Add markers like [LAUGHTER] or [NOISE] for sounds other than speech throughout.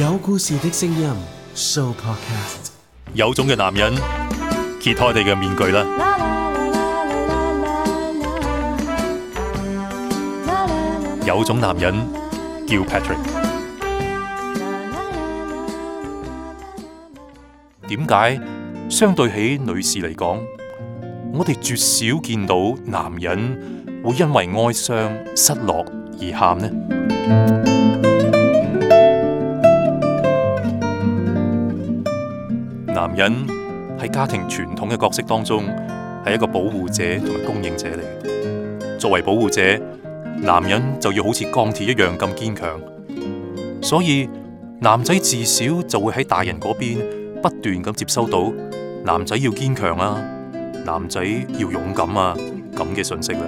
有故事的聲音 show podcast，有種嘅男人揭開你嘅面具啦！有種男人叫 Patrick，點解相對起女士嚟講，我哋絕少見到男人會因為哀傷、失落而喊呢？男人喺家庭傳統嘅角色當中，係一個保護者同埋供應者嚟。作為保護者，男人就要好似鋼鐵一樣咁堅強。所以男仔自小就會喺大人嗰邊不斷咁接收到男仔要堅強啊，男仔要勇敢啊咁嘅信息啦。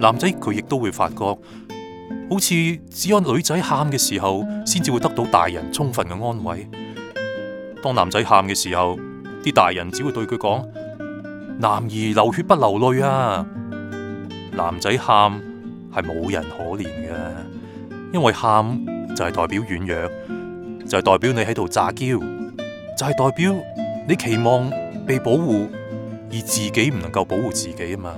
男仔佢亦都會發覺，好似只有女仔喊嘅時候，先至會得到大人充分嘅安慰。當男仔喊嘅時候，啲大人只會對佢講：男兒流血不流淚啊！男仔喊係冇人可憐嘅，因為喊就係代表軟弱，就係代表你喺度詐嬌，就係代表你期望被保護而自己唔能夠保護自己啊嘛！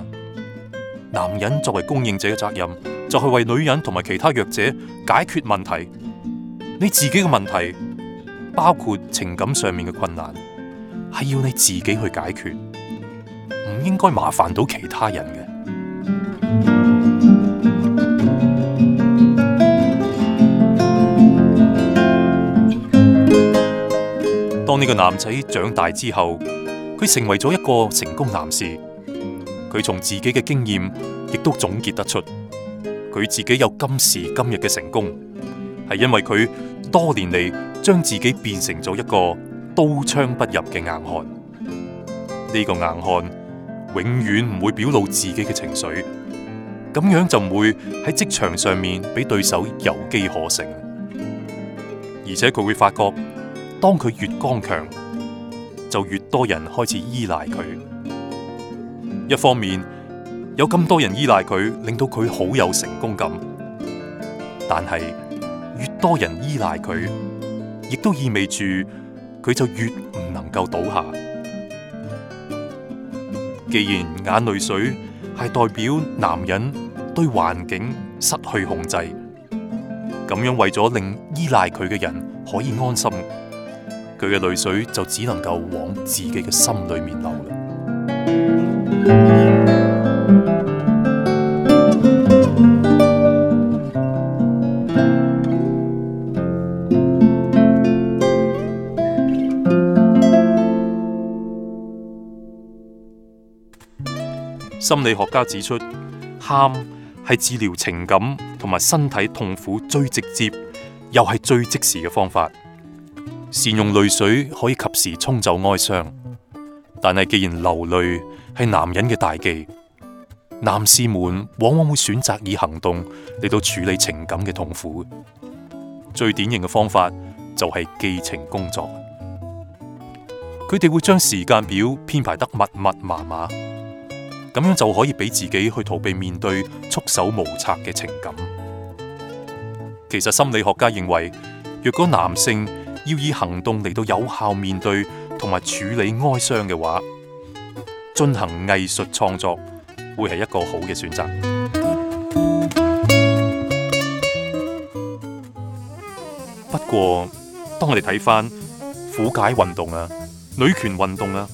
男人作為供應者嘅責任就係為女人同埋其他弱者解決問題，你自己嘅問題。包括情感上面嘅困難，係要你自己去解決，唔應該麻煩到其他人嘅。 [MUSIC] 當呢個男仔長大之後，佢成為咗一個成功男士，佢從自己嘅經驗亦都總結得出，佢自己有今時今日嘅成功，係因為佢多年嚟。將自己變成咗一個刀槍不入嘅硬漢，呢個硬漢永遠唔會表露自己嘅情緒，咁樣就唔會喺職場上面俾對手有機可乘。而且佢會發覺，當佢越剛強，就越多人開始依賴佢。一方面，有咁多人依賴佢，令到佢好有成功感，但係越多人依賴佢。亦都意味住佢就越唔能夠倒下。既然眼淚水係代表男人對環境失去控制，咁樣為咗令依賴佢嘅人可以安心，佢嘅淚水就只能夠往自己嘅心裏面流。心理學家指出，喊係治療情感同埋身體痛苦最直接又係最即時嘅方法。善用淚水可以及時沖走哀傷，但係既然流淚係男人嘅大忌，男士們往往會選擇以行動嚟到處理情感嘅痛苦。最典型嘅方法就係寄情工作，佢哋會將時間表編排得密密麻麻。咁樣就可以俾自己去逃避面對束手無策嘅情感。其實心理學家認為，若果男性要以行動嚟到有效面對同埋處理哀傷嘅話，進行藝術創作會係一個好嘅選擇。不過，當我哋睇返苦解運動啊、女權運動啊，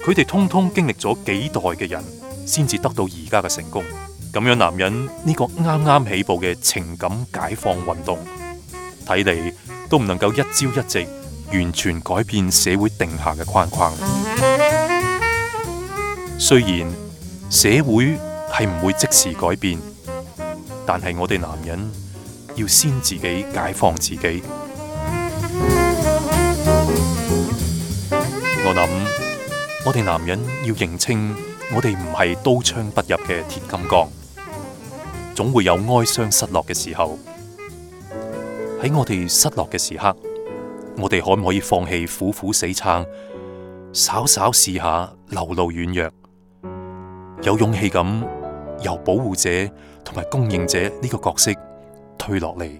佢哋通通經歷咗幾代嘅人。先至得到而家嘅成功，咁樣男人呢個啱啱起步嘅情感解放運動，睇嚟都唔能夠一朝一夕完全改變社會定下嘅框框。雖然社會係唔會即時改變，但係我哋男人要先自己解放自己。我哋男人要認清，我哋唔係刀槍不入嘅鐵金剛，總會有哀傷、失落嘅時候。喺我哋失落嘅時刻，我哋可唔可以放棄苦苦死撐，稍稍試下流露軟弱，有勇氣咁由保護者同埋供應者呢個角色退落嚟，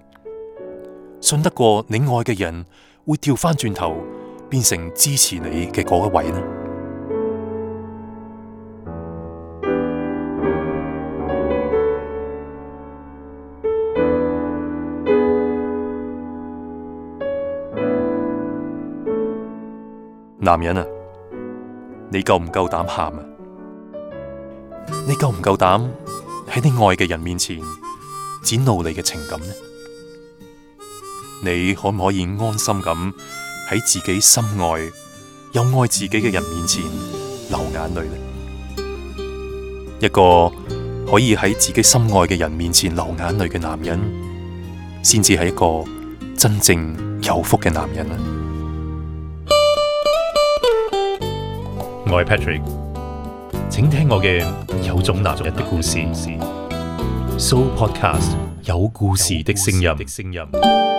信得過你愛嘅人會調翻轉頭變成支持你嘅嗰一位呢？男人啊，你夠唔夠膽喊啊？你夠唔夠膽喺你愛嘅人面前展露你嘅情感呢？你可唔可以安心咁喺自己心愛又愛自己嘅人面前流眼淚呢？一個可以喺自己心愛嘅人面前流眼淚嘅男人，先至係一個真正有福嘅男人啊！我係 Patrick，請聽我嘅有種男人的故事，So Podcast 有故事的聲音。